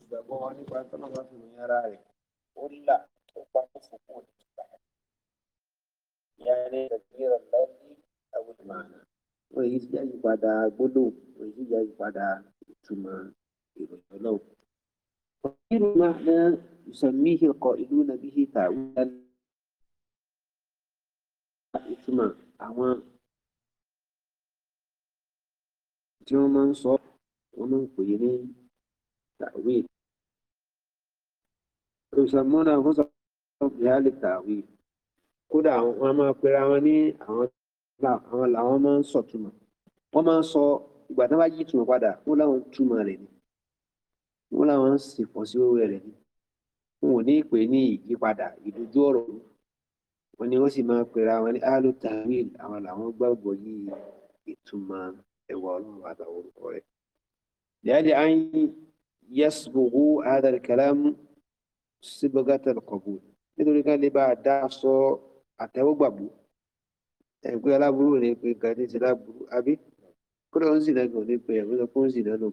ìgbàgbọ́ wọn nípa tọ́nà bá fi ròyìn ara rẹ̀ ó là ó pa kó fún kó lè gbà ìyá ní ìgbàgbọ́ lọ́dí àwòdìmọ̀nà wọ́n èyí ti jáde padà gbólóhùn wọ́n èyí ti jáde padà ìtumọ̀ ìròyìn ọlọ́run. وغير معنى يسميه القائلون به تعويلا ìtumọ̀ àwọn tí wọ́n máa ń sọ wọ́n máa ń pè é ní tàwíì olùsàmúnà fún sọ̀bìálì tàwíì kódà wọ́n á máa pera wọn ní àwọn àwọn làwọn máa ń sọ̀túmọ̀ wọ́n máa ń sọ ìgbà tí wọ́n bá yí ìtumọ̀ padà wọ́n láwọn túmọ̀ rẹ̀ ni wọ́n láwọn ń sìnkàn sí owó rẹ̀ ni wọn ò ní ìpè ní ìyípadà ìdójú ọ̀rọ̀ wọn ni wọ́n sì máa pera wọn ní alu àwọn làwọn gbàgbọ́ yí ìtumọ̀ ẹwà ọlọ́run àtàwọn orúkọ rẹ̀. لأجل أن يصبغوا هذا الكلام صبغة القبول nítorí ká lè bá a dá sọ àtẹ́wọ́gbàbú ẹgbẹ́ aláburú ní pé gàdé ti láburú àbí kódà ó ń sì lẹ́gàn ní pé ẹ̀rọ kó ń sì lẹ́nu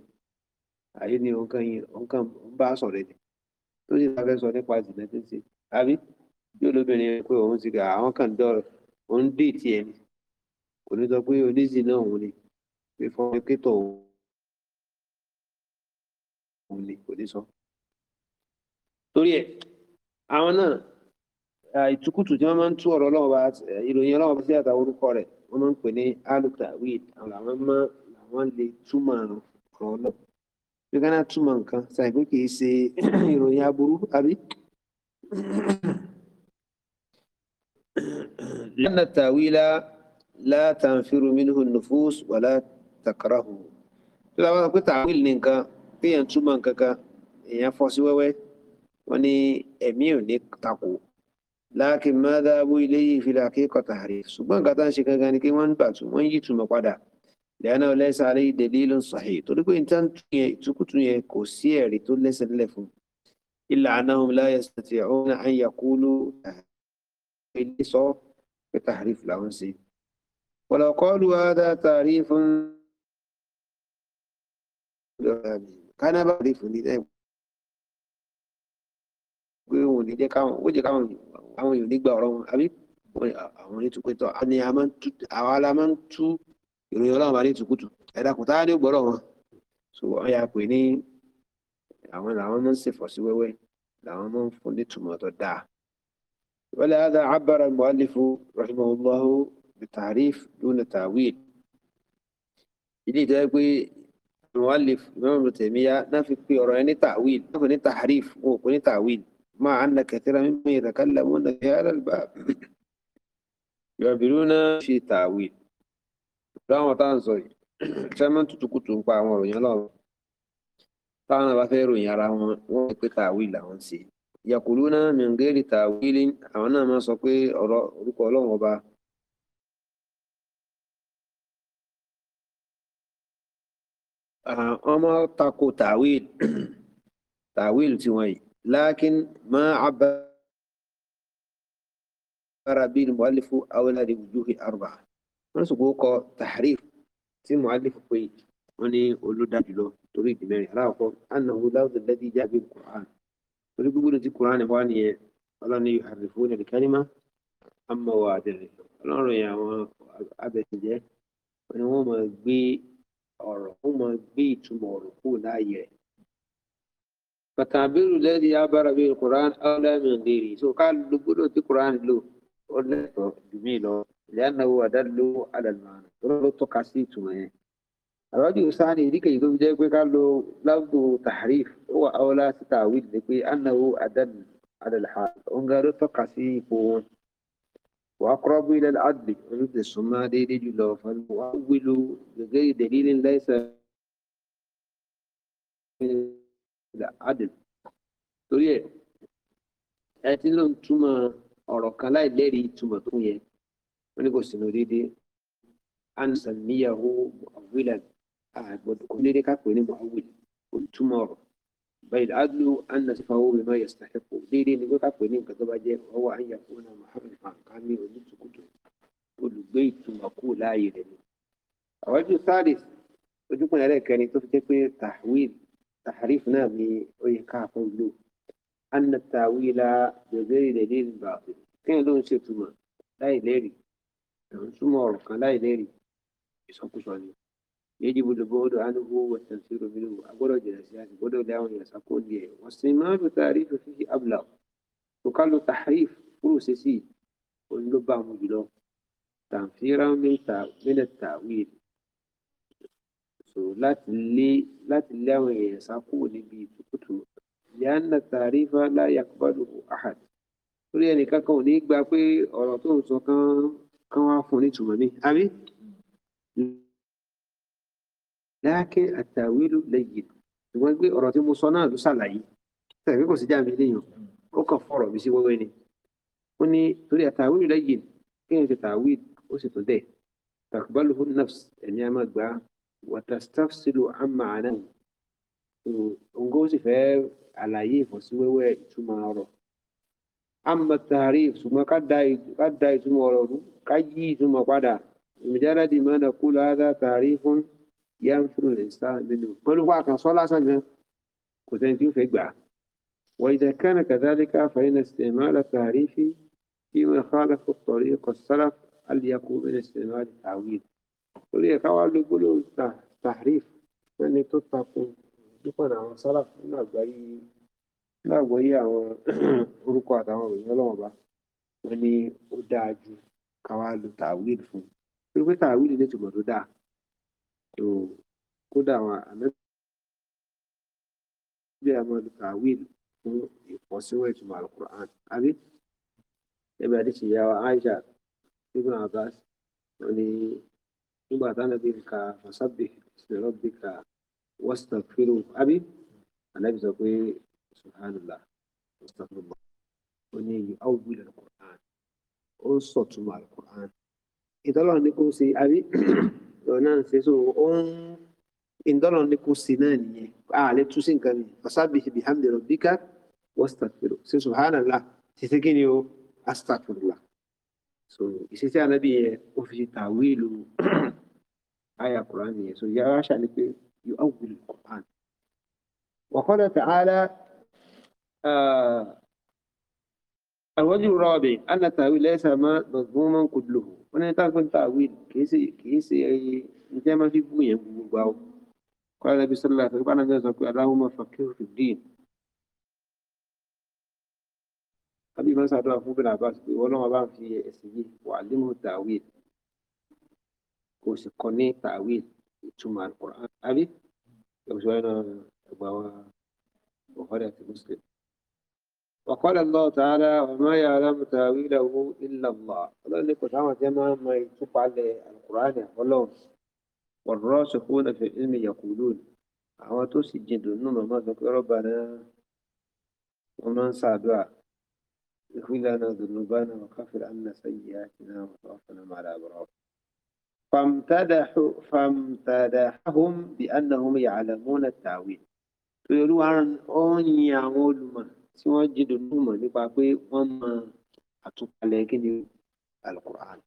àyè ni òǹkan yìí òǹkan ń bá sọ̀rọ̀ ẹ̀dẹ̀ tó sì bá fẹ́ sọ nípa ìsìnlẹ̀ tó ṣe àbí yóò lóbìnrin pé òun ti gà àwọn kan dọ̀rọ̀ òun dé tiẹ̀ ni kò ní sọ pé oníṣìí náà òun ni fífọ́ pípọ̀ òun ni kò ní sọ. torí ẹ̀ àwọn náà ìtukùtù tí wọ́n máa ń tú ọ̀rọ̀ ọlọ́run bá ìròyìn ọlọ́run bá sí àtàwọn orúkọ rẹ̀ wọ́n máa ń pè ní alutawid àwọn làwọn máa làwọn lè túmọ̀ ọ̀rọ̀ ọlọ́run bí ká túmọ̀ nǹkan ṣàì pé kì í ṣe ìròyìn aburú àbí. لأن التأويل لا تنفر منه النفوس ولا takrahu tó dábàá sọ pé tàwíl ní nǹkan téèyàn túmọ̀ nǹkan kan èèyàn fọ́ sí wẹ́wẹ́ wọ́n ní ẹ̀mí ò ní takò láàkì mádàbú ilé yìí fi làkè kọ̀tà rè ṣùgbọ́n nǹkan tá à ń ṣe gangan ni pé wọ́n ń gbàtú wọ́n yí túmọ̀ padà lẹ́yìn lẹ́sẹ̀ alẹ́ yìí dèlí ló ń sahih torí pé nǹkan ìtukùtù yẹn kò sí ẹ̀rí tó lẹ́sẹ̀ nílẹ̀ fún ilà anáhùn láyé sàtì ọ̀hún àyàkúlù ilé sọ pé tàrífù làwọn wọ́n lọ kọ́ lu ada tàrífù ń kánábà rí fún ní ẹ̀ pé òun ní jẹ́ káwọn ó jẹ́ káwọn àwọn èèyàn nígbà ọ̀rọ̀ wọn àbí àwọn onítùpẹ́tọ̀ ni àwa la máa ń tú ìròyìn ọlọ́run bá ní ìtùkùtù ẹ̀dá kò táwọn ní gbọ́rọ̀ wọn so wọ́n ya pè ní àwọn làwọn máa ń ṣèfọ̀ sí wẹ́wẹ́ làwọn máa ń fún ní tùmọ̀ dáa. wọ́n lè hádà abara mu'allifu rahimahullahu bi ta'rif duna ilé ìtọ́ pé المؤلف الإمام ابن تيمية نافي في أراني تعويل نافي تحريف وكوني تعويل مع أن كثيرا ممن يتكلمون في هذا الباب يعبرون في تعويل láwọn tá à ń sọ yìí sẹ́mọ́n tuntun kùtù ń pa àwọn òròyìn ọlọ́run táwọn bá fẹ́ ròyìn ara wọn wọ́n ń pè tàwíìlì àwọn ṣe yàkùlù náà mìǹgẹ́rì tàwíìlì àwọn náà máa sọ pé ọ̀rọ̀ orúkọ ọlọ́run ọba آه، أما تاكو تعويل تعويل تيوي لكن ما عبر به المؤلف أولها لوجوه أربعة نسوكو تحريف تي مؤلف كوي وني أولو دابلو تريد ما راكو أنه لفظ الذي جاء به القرآن تريد بقول في القرآن إخواني ولا يحرفون الكلمة أما وعد الله يا أبي جاء ونوما بي ọ̀rọ̀ ó tomorrow gbé ìtumọ̀ ọ̀rọ̀ kù láàyè rẹ̀. pàtàkìrù lẹ́yìn abára bíi quran ọlọ́mì lérí tó ká ló gbọ́dọ̀ tí quran lò ó lẹ́tọ̀ọ́ jùmí lọ ìyánáwó àdálò alàlùmọ́ọ̀nà tó ló tọ́ka sí ìtumọ̀ yẹn. àwájú sáni ìdíkejì tó fi jẹ́ pé ká lo lágbo tahrif ó wà áwọlá sí ni pé ànáwó àdálò alàlùmọ́ọ̀nà ó ń ga ló tọ́ka sí وأقرب إلى العدل عند السمادي رجله فالمؤول بغير دليل ليس من العدل torí ẹ ẹ ti ló ń túmọ̀ ọ̀rọ̀ kan láì lẹ́rìí ìtumọ̀ tó yẹ wọn ní kò sínú déédéé ansan níyàwó mu'awwilan àgbọ́dọ̀ kò déédéé ká pè ní mu'awwil kò túmọ̀ ọ̀rọ̀ بالعدل أن نصفه بما يستحق ديري نقول عفو نيم كذبا جيك هو أن يكون محرم عن قامي ونبس كتو كل بيت مقول لا يدني الوجه الثالث وجب عليك أن يعني تفتكي تحويل تحريفنا بأيكا فولو أن التأويل بغير دليل باطل كان لون سيتما لا يدري كان يعني سمو لا يدري يسوكو سواني يجب البعد عنه والتنفير منه أقول جلسات بدو داون يسقون به واستعمال تعريف فيه أبلغ وقال له تحريف فروسسي والنبع مجلو تنفيرا من من التأويل لا تلي لا تلاوي يسقون به تكتو لأن التعريف لا يقبله أحد torí ẹnìkan kan ò ní gbà pé ọ̀rọ̀ tó ń sọ kán kán wá fún un nítumọ̀ mi àbí láàkẹ́ àtàwílù lẹ́yìn ṣùgbọ́n gbé ọ̀rọ̀ tí mo sọ náà ló ṣàlàyé tàbí kò sí jáàmì léèyàn ó kàn fọ̀rọ̀ mi sí wẹ́wẹ́ ni ó ní torí àtàwílù lẹ́yìn kéèyàn ti tàwílù ó sì tún dẹ̀ takbaluhu nafs ẹ̀mí a máa gbà watastafsilu amana òǹgó sì fẹ́ àlàyé ìfọ̀síwẹ́wẹ́ ìtumọ̀ ọ̀rọ̀ amma tarif ṣùgbọ́n ká da ìtumọ̀ ọ̀rọ̀ ká yí ìtumọ̀ padà ìmìjáde mọ́nà kúlọ̀ á dá tarifun yá ń fúrò ní sáà nínú pẹ̀lúpọ̀ àkànṣọ́ lásán gan kò sẹ́ni tí ó fẹ́ gbà á. وإذا كان كذلك فإن استعمال التعريف فيما خالف الطريق السلف هل يقوم من استعمال التعويل ولي قوال يقولوا تحريف يعني تطلق يكون عن سلف من البري لا وهي orúkọ àtàwọn òyìn ọlọ́wọ́n bá wọn ni ó dáa ju káwá lu tàwíìlì fún un pé tàwíìlì lè túbọ̀ tó so kódà àwọn ànábì amadu kawil fún ìfọ́síwẹ̀ ìtumọ̀ alukur'an àbí ẹbí adéṣe ìyá wa aisha ibn abbas wọn ni nígbà táwọn ẹbí ka fasabi sọ̀rọ̀ bí ka wastaghfiru àbí ànábì sọ pé subhanallah wastaghfirullah wọn ni yìí awo wílẹ̀ alukur'an ó ń sọ̀túnmọ̀ alukur'an ìtọ́lọ́run ni kò ṣe àbí. ọ̀rọ̀ náà ṣe so ó ń ìdọ́lọ̀ ní kò sí náà nìyẹn a lè tú sí nǹkan mi ọ̀sábì ṣe bihamdi rabbika wastaghfiru ṣe subhanallah ṣiṣẹ́ kí ni o astaghfirullah so ìṣiṣẹ́ anábì yẹn ó fi tàwílù àyà Qur'an yẹn so yàrá ṣàlẹ́ pé yu'awwil Qur'an wa qala ta'ala الوجه الرابع أن التأويل ليس ما مضموما كله wọ́n ní táwọn pẹ́ńtà wí kìí ṣe kìí ṣe ẹyẹ njẹ́ máa fi bú yẹn gbogbo gbà ó kọ́lá nàbí sọ́lá àti ọ̀pá nàbí sọ pé aláwọ̀ máa fà kí òfì dín. àbí máa ń ṣàdúrà fún bẹ́ẹ̀ àbá pé ọlọ́run bá ń fi ẹ̀sìn yìí wà límù tàwíl kò sì kọ́ ní tàwíl ìtumọ̀ àbí ẹ̀bùsọ̀ ẹ̀nà ẹ̀gbà wa ọ̀họ́dẹ̀ àti mùsùlùmí. وقال الله تعالى وما يعلم تاويله الا الله ọlọ́run لك kò جمع ما máa على القران ìtúpa والراسخون في العلم يقولون àwọn tó sì jìn dùnú màmá ربنا ومن máa ń لنا ذنوبنا وكفر عنا سيئاتنا وتوفنا مع الابرار فامتدح فامتدحهم بانهم يعلمون التاويل يقولون àwọn ọ̀yìn àwọn olùmọ̀ tí wọ́n jí dùnú mọ̀ nípa pé wọ́n mọ àtúpalẹ̀ kí ni alukur'an.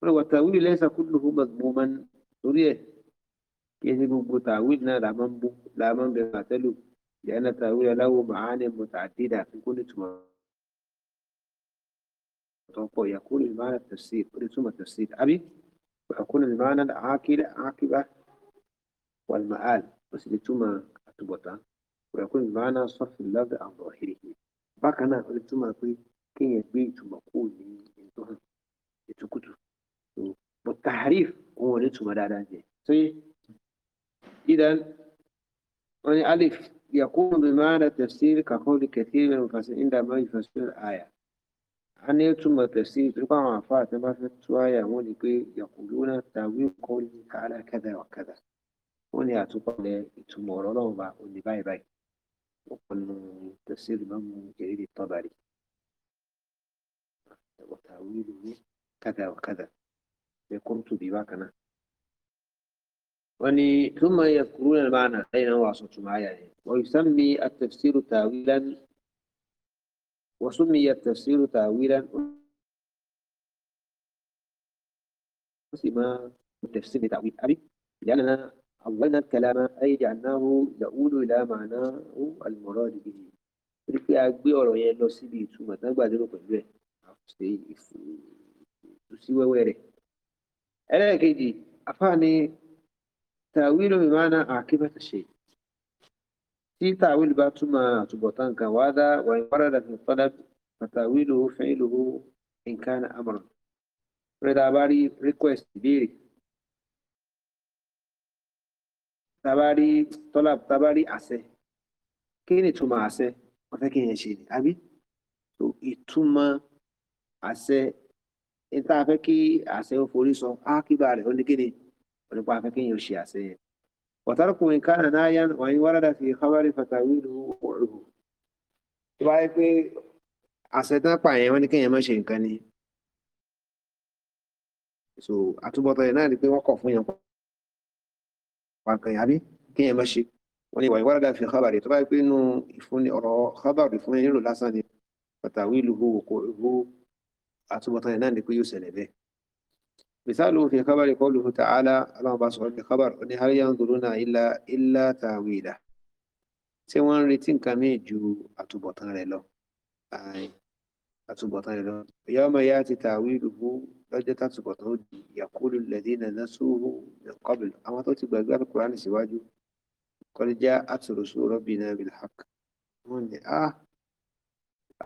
wọ́n wà tàwílì lẹ́sà kulluhu madmuman lórí ẹ̀ kí ẹ ṣe gbogbo tàwílì náà làmọ́ ń bú làmọ́ ń bẹ̀rẹ̀ àtẹ́lù ìyáná tàwílì aláwọ̀ màánì muta'addida kó ní tùmọ̀ tọ́pọ̀ yakun ìmáàlà tafsir kó ní túmọ̀ tafsir àbí yakun ìmáàlà àákìlẹ̀ àákìlẹ̀ wal ma'al ó sì ní túmọ̀ àtúbọ̀tán. ويكون بمعنى صرف اللفظ عن ظاهره bákan náà ó lè túmọ̀ pé kéèyàn gbé ìtumọ̀ kúrò ní ìtọ́hàn ìtukùtù bó tahrif òun ò ní túmọ̀ dáadáa jẹ tó idan wọn ni alif يكون بمعنى تفسير كقول كثير من المفسرين عندما يفسر الآية أن يتم التفسير تلقى مع فاطمة في التوايا يقولون تأويل قوله تعالى كذا وكذا wọ́n ní àtúkọ̀ lẹ ìtumọ̀ ọ̀rọ̀ ọlọ́run bá òní báyìí báyìí وقل والتفسير الإمام الجريري الطبري وتاويله كذا وكذا القرطبي بكنا واني ثم يذكرون المعنى اين هو اصبت يعني ويسمي التفسير تاويلا وسمي التفسير تاويلا وسمى التفسير تاويل ابي لاننا عضلنا الكلام أي جعلناه يؤول إلى معناه المراد به لكي أقبئ ورؤية لو سبي ثم تنبأ ذلك ألا كيدي أفاني تأويل بمعنى عاقبة الشيء في تأويل باتما تبطان كوادا وإن ورد في الطلب فتأويله فعله إن كان أمرا فرد عباري ريكوست بيري tabari tọ́lá tabari ase, kini ni ase, àṣẹ wọ́n fẹ́ kí yẹn ṣe ni àbí so ìtumọ̀ àṣẹ níta fẹ́ kí àṣẹ ó forí sọ ákíbà rẹ̀ ó ní kí ni onípa fẹ́ kí yẹn ó ṣe ase? yẹn wàtàrùkù nǹkan náyà wọ̀nyí wárádà fi kábàárì fàtàwí lu ọ̀rùn tó bá yẹ pé àṣẹ tán pààyàn wọ́n ní kí yẹn má ṣe nǹkan ni so àtúbọ̀tán yẹn náà ni pé wọ́n kọ̀ fún yẹn pọ̀ pàǹkàn yàbí kí yẹn má ṣe wọn ni wàyí wàrà dàfin kábàrì tó bá yẹ pé inú ìfúnni ọ̀rọ̀ kábàrì fún yẹn nílò lásán ni pàtàkì ìlú gbogbo kò ìlú àtúbọ̀tán yẹn náà ni pé yóò ṣẹlẹ̀ bẹ́ẹ̀. مثاله في خبر قوله تعالى اللهم بصر في خبر ان هل ينظرون الا الا تاويله سي وان ريتين كامي جو اتوبوتان ري لو اي àtúbọ̀tán rẹ̀ lọ. yawma ya'ti ta'wiluhu lọ́jọ́ tàtúbọ̀tán ó di yaqulu alladhina nasuhu min qabl àwọn tó ti gbàgbé Al-Qur'ani síwájú qad ja'at rusulu rabbina bil haqq. wọ́n ní a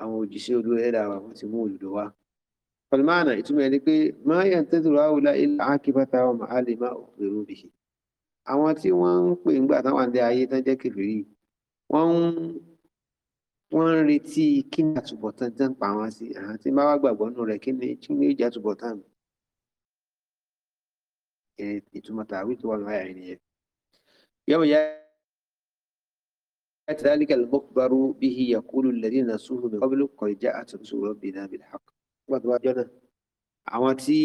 àwọn òjìṣẹ́ olúwa ẹ̀dá wa wọ́n ti mú òdodo wá. fọlmánà ìtumọ̀ ẹni pé ma yantadhiru ha'ula'i illa 'aqibata wa ma'ali ma ukhbiru bihi. àwọn tí wọ́n ń pè ńgbà táwọn àdé ayé tán jẹ́ kèfèrí wọ́n ń wọ́n ń retí kí ni àtúbọ̀tán tán pa wọn sí àwọn tí máa wá gbàgbọ́ nù rẹ̀ kí ni kí ni ìjà àtúbọ̀tán mi. ìtumọ̀ tààwí tó wà láyà nìyẹn. yọmọ ya ذلك المخبر به يقول الذين نسوه من قبل قد جاءت رسول ربنا بالحق àwọn tí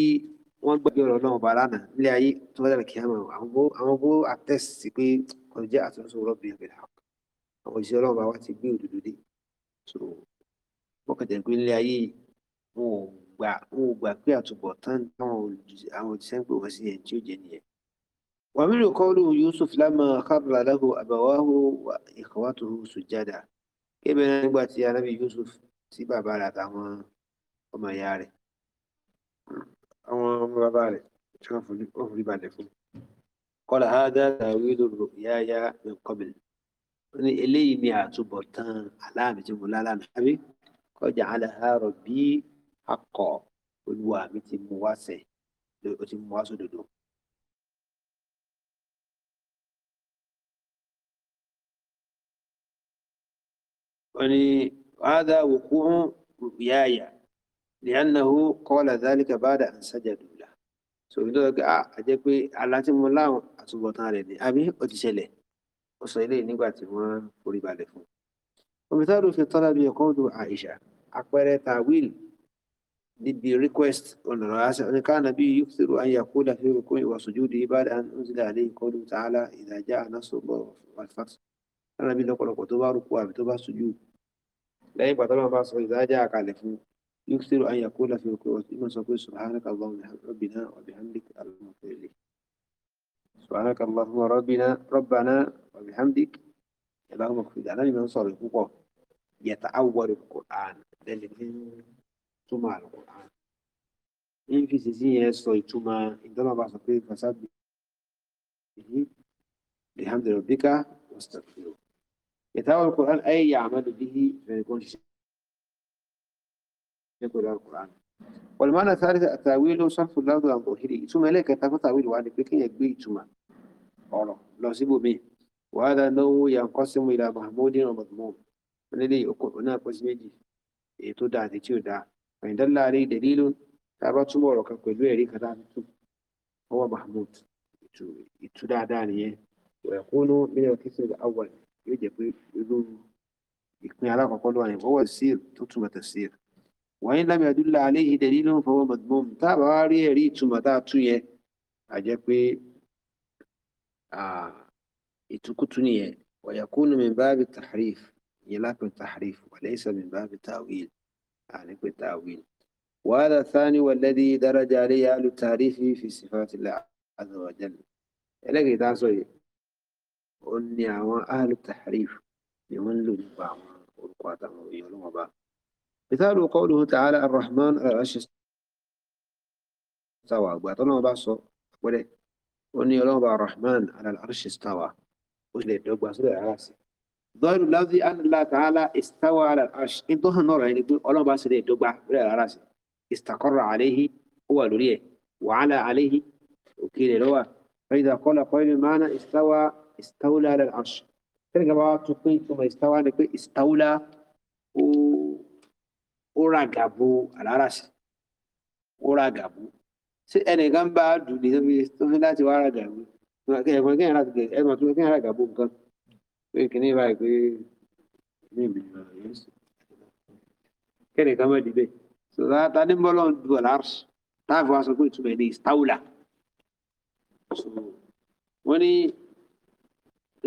wọ́n gbàgbé ọ̀rọ̀ náà bá lánàá nílé ayé tó bá dára kí á mọ̀ àwọn bó àtẹ́sì pé kọjá àtúnṣe ọ̀rọ̀ bíi ìbẹ̀rẹ̀ àwọn òṣìṣẹ́ ọlọ́run bá wá ti gbé òdodo dé so bọ́kẹ̀tẹ̀ pé ilé ayé wọn ò gbà wọn ò gbà pé àtúbọ̀ tán àwọn òjíṣẹ́ ń pè wọ́n sí ẹ̀ tí ó jẹ́ nìyẹn. ومنه قوله يوسف لما خر له أبواه وإخوته سجدا كما نقول يا نبي يوسف sí bàbá rẹ̀ àtàwọn ọmọ ìyá rẹ̀ àwọn ọmọ bàbá rẹ̀ tí wọ́n forí balẹ̀ fún. قال هذا تأويل رؤياي من قبل ní eléyìí ni àtúbọ̀tán aláàmì tí mo lálànà àbí kọjá aláàárọ̀ bí akọ olúwa mi ti mú wá sẹ̀ ó ti mú wá sódodo. wọ́n ní wàhálà wòkú yáyà lẹ́yìnnahu kọ́lá dálíkà báda ń sájàdù la. sòwòtọ́ a jẹ́ pé aláàtí mo rẹ̀ ni àbí ó ti ṣẹlẹ̀. ó sọ eléyìí nígbà tí wọ́n forí balẹ̀ fún un omitaaru fi tọ́lá bí ẹ̀kọ́ ọdún àìṣà àpẹẹrẹ tawil níbi request ọ̀nàrà àṣà oníkà nàbí yukthiru an yaqula fi ruku'i wa sujudi ba'da an unzila alayhi qawlu ta'ala idha ja'a nasrullahi wal fath nàbí lọ́pọ̀lọpọ̀ tó bá rúkú àbí tó bá sojú lẹ́yìn pàtó náà bá sọ idha ja'a kalẹ̀ fún yukthiru an yaqula fi ruku'i wa sujudi sọ pé subhanaka allahumma rabbina wa bihamdika allahumma سبحانك اللهم ربنا ربنا وبحمدك اللهم اغفر لنا لمن صرفوك يتعور القرآن للذين تمع القرآن إن في سيسين يسوي ثم إن دم بعض في فساد بحمد ربك واستغفره يتعور القرآن أي يعمل به فيكون شيء يقول القرآن والمعنى الثالث التأويل صرف اللفظ عن ظاهره ثم لك تفضل تأويل وعن بكين يكبي ثم قال لازم به وهذا أنه ينقسم إلى محمود ومذموم الذي هناك اسمه يتودع تتودع فإن دل عليه دليل تابع تمورك كل ويري كذا هو محمود يتودع دانية ويكون من الكسر الأول يجب يدون يكون على قول هو السير تتم تفسير وإن لم يدل عليه دليل فهو مذموم تابع ريري تمتع تيه ìtúkùtù آه، ويكون من باب التحريف يلاك التحريف وليس من باب التأويل يعني التأويل وهذا الثاني والذي درج عليه أهل التعريف في صفات الله عز وجل إليك تعصي أني أهل التحريف لمن لنبع ورقات ولنبع مثال قوله تعالى الرحمن العرش استوى وبعطنا بعصر وليه أن يلوب الرحمن على العرش استوى وإلي الدوب وصول العرس ظاهر الذي أن الله تعالى استوى على العرش إن ظهر النور يعني يقول الله بس إلي الدوب وصول العرس استقر عليه هو لوليه وعلى عليه وكيل هو فإذا قال قائل المعنى استوى استولى على العرش ترجع بقى تقول ثم استوى نقول يعني استولى و ورغبوا على العرش ورغبوا ṣé ẹnìkan bá dùn ní tó fi láti wá ràgà ẹ̀gbọ́n kí ẹ̀rọ àti ẹ̀gbọ́n tó kí ẹ̀rọ àgà bó nǹkan pé kìíní báyìí pé ní ìbìlẹ̀ yẹn sùn kẹ́nìkan mọ̀ dìbẹ̀ so ta ni bọ́lọ̀ ń du àlárùs táàfù wa sọ pé ìtumọ̀ ní ìstáwùlà so wọ́n ní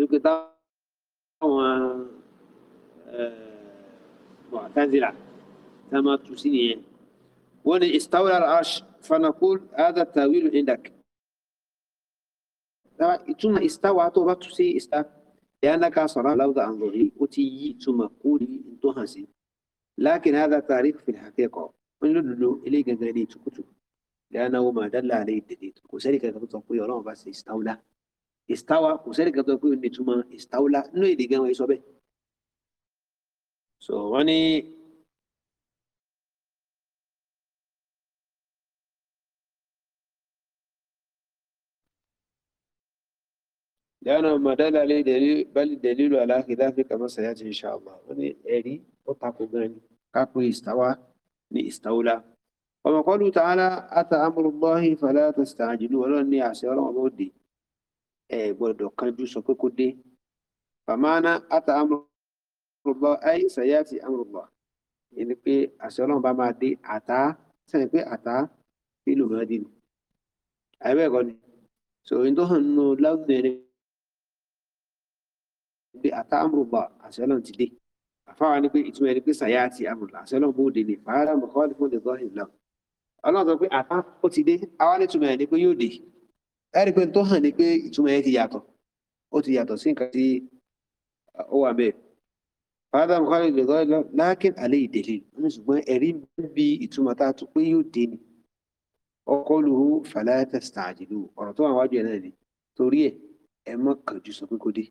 ìpè táwọn eh, mọ̀ àtàzìlà tá a máa tù sí nìyẹn wọ́n ní ìstáwùlà àlárùs. فنقول هذا التأويل عندك ثم استوى توبة تسي استوى لأنك صرا لوضع أنظري أتي ثم قولي انتهسي لكن هذا تعريف في الحقيقة ونلدل إليه جنجري تكتب لأنه ما دل عليه الدليل وسالك تقول يا رب بس استولى استوى وسالك تقول إن ثم استولى نو إليه جنجري سو وني لأنه ما دل عليه دليل بل دليل على خلاف كما سيأتي إن شاء الله يعني وطاقوا غني كاكو استوى استولى وما قالوا تعالى أتى أمر الله فلا تستعجلوا ولا أني أعسي ولا أمودي إيه برضو كان جو سوكو دي فمعنى أتى أمر الله أي سيأتي أمر الله يعني بي أعسي ولا بما دي أتى سنة بي أتى في لما دي أبي قولي سو إن دوهن نو لابد pé ata amúrùbá àṣẹ ọlọ́run ti dé àfáwa ni pé ìtumọ̀ ẹni pé sàyà àti amúrùbá àṣẹ ọlọ́run bóde ni fàárà mọ̀kọ́lì fún ìdọ́ ìlọ ọlọ́run sọ pé ata ó ti dé àwa ní ìtumọ̀ ẹni pé yóò dé ẹ̀rí pé tó hàn ni pé ìtumọ̀ ẹ ti yàtọ̀ ó ti yàtọ̀ sí nǹkan tí ó wà bẹ́ẹ̀ fàárà mọ̀kọ́lì ìdọ́ ìlọ lákìn àlẹ́ ìdèlè ṣùgbọ́n ẹ̀rí bí ìtumọ̀ ta tó pé yóò dé ni ọkọlùhù fàlàtà stàjìlù ọ̀rọ̀ tó wà wájú ẹ̀ náà ni torí ẹ̀ ẹ̀ mọ̀ kànjú sọ pé kò dé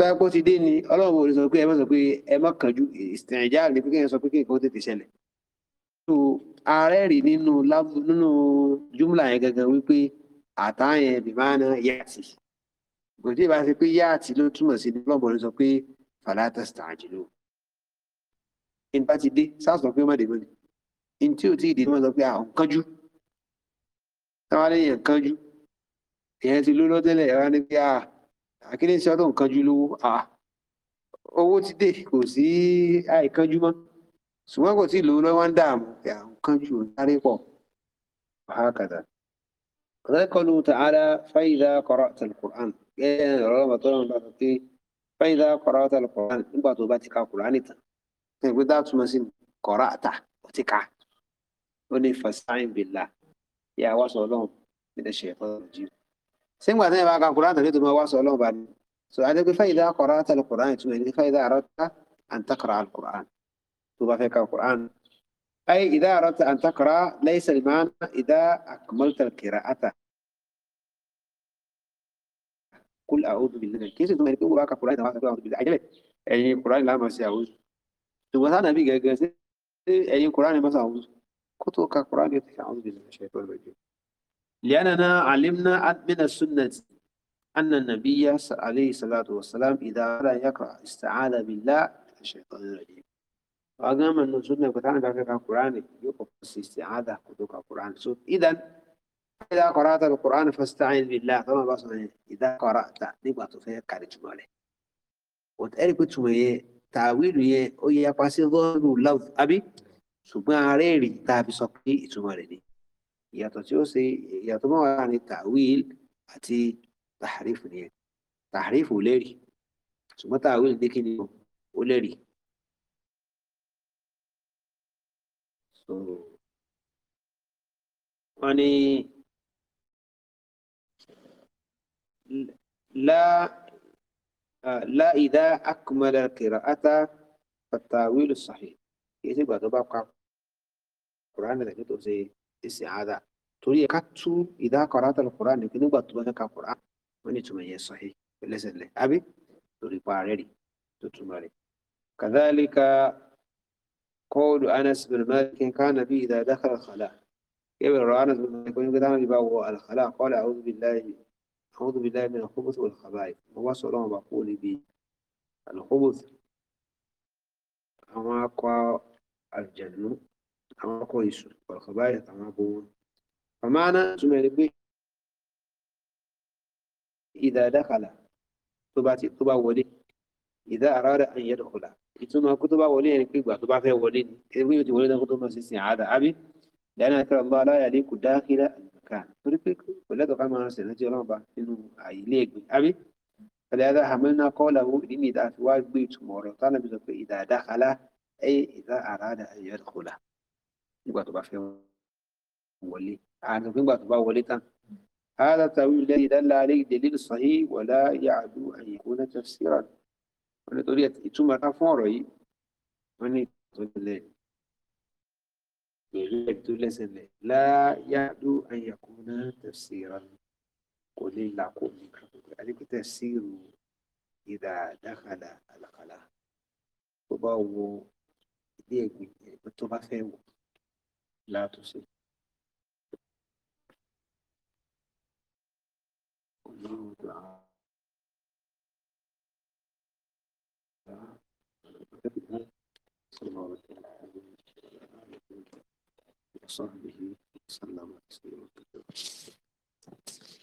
tọ́yà pọ́ ti dé ni ọlọ́run ò lè sọ pé ẹ má sọ pé ẹ má kánjú ìsìnàjà lè pé kéèyàn sọ pé kéèyàn kó tètè ṣẹlẹ̀ so ààrẹ rí nínú lábú nínú júmùlà yẹn gangan wípé àtàyẹn bìmánà yáàtì kò tí ì bá ṣe pé yáàtì ló túmọ̀ sí ní ọlọ́run ò lè sọ pé fàlàtà sàájì ló ń bá ti dé sars sọ pé má dé mọ́ ni n tí ò tí ì dé ni wọ́n sọ pé àwọn kánjú táwọn lè yàn kánjú èèyàn ti lóló tẹ́lẹ̀ ẹ̀ wá ní àkíní sọ tó lówó à owó ti dé kò sí àìkánjú mọ́ ṣùgbọ́n kò tí ì lówó lọ́wọ́ ń dààmú àwọn kánjú ò sáré pọ̀ wàhákàtà. ọ̀dọ́kọ̀lù tààdá fáyidá kọ́rọ̀ tẹlifùrán gẹ́gẹ́ ọ̀rọ̀ mọ̀tọ́rọ̀ bá sọ pé fáyidá kọ́rọ̀ tẹlifùrán nígbà tó bá ti ka kùrán nìtàn ẹgbẹ́ dá túmọ̀ sí àtà ó ti ka ó ní fasáyìn bìlà yà wá sọ ọlọ́run ṣe ẹ̀kọ́ ọ̀rọ̀ sígbà tí ẹ bá ka Kùránì tẹ̀lé tó máa wá sọ ọlọ́run bá ní sọ adé pé fáyidá kọ́ra tẹ̀lé Kùránì ìtumọ̀ ní fáyidá àrọ́tà àǹtakàrà Kùránì tó bá fẹ́ ka Kùránì. أي إذا أردت أن تقرأ ليس المعنى إذا أكملت القراءة قل أعوذ بالله من كيس ثم يقول بقى قرآن ما تقول أعوذ بالله عجلة يعني أي قرآن لا يعني ما سيعوذ ثم أنا بيجي أي قرآن ما سيعوذ كتب قرآن يتكلم أعوذ بالله من الشيطان الرجيم لأننا علمنا من السنة أن النبي عليه الصلاة والسلام إذا لا يقرأ استعاذ بالله من الشيطان الرجيم وأقام أن السنة كتان في القرآن يقف استعاذة كتوك القرآن إذا إذا قرأت القرآن فاستعين بالله طبعا بصنا إذا قرأت نبغى تفهم كاري جمالة وتأري كنت شوية تعويل يه أو يا باسي ظهر لفظ أبي سبحان ريري تابي سقي جمالة يا تشوسي يا طبعا يعني تعويل أتي تحريف يعني تحريف ولاري ثم تعويل ديكي نيو سو يعني لا لا إذا أكمل القراءة فالتعويل الصحيح يجب أن تبقى القرآن لكي توسي هذا توري كاتو إذا قرأت القرآن أن نبغى تبغى القرآن من يتمنى يسوي لسه لي أبي توري باردي تتمنى كذلك قول أنس بن مالك كان بي إذا دخل الخلاء يقول أنس بن مالك يقول كذا نبي بقى الخلاء قال أعوذ بالله أعوذ بالله من الخبث والخبائث هو صلى الله بقول بي الخبث أما قا الجنة اما كويس والخبائث اما كون فمعنى سمعي يعني ربي إذا دخل تباتي تبا ولي إذا أراد أن يدخل إذن ما كتبا ولي يعني كيبا تبا في ولي إذن كيبا ولي نقطة ما سيسي عادة أبي لأن أكرا الله لا يليك داخل المكان تريك ولا تقع ما نسي نجي الله با إنه أي ليك أبي حملنا قوله إني دافوا مورطان بذلك إذا دخل أي إذا أراد أن يدخل nígbà tó bá fẹ́ wọlé àti nígbà tó bá wọlé tán هذا التأويل الذي دل عليه دليل صحيح ولا يعدو أن يكون تفسيرا wọ́n torí ìtumọ̀ ká fún ọ̀rọ̀ yìí wọ́n ní ìtọ́lẹ̀ pẹ̀lú ẹ̀dùn lẹ́sẹ̀lẹ̀ láyàdó àyàkúnná tẹ̀síra kò lè làkó nìkan àdìpẹ́tẹ̀ síru ìdá dákàlà àlàkàlà tó bá wọ ilé ẹ̀gbìn tó bá fẹ́ wọ̀. لا تصيب الله وصحبه وسلم تسليما كثيرا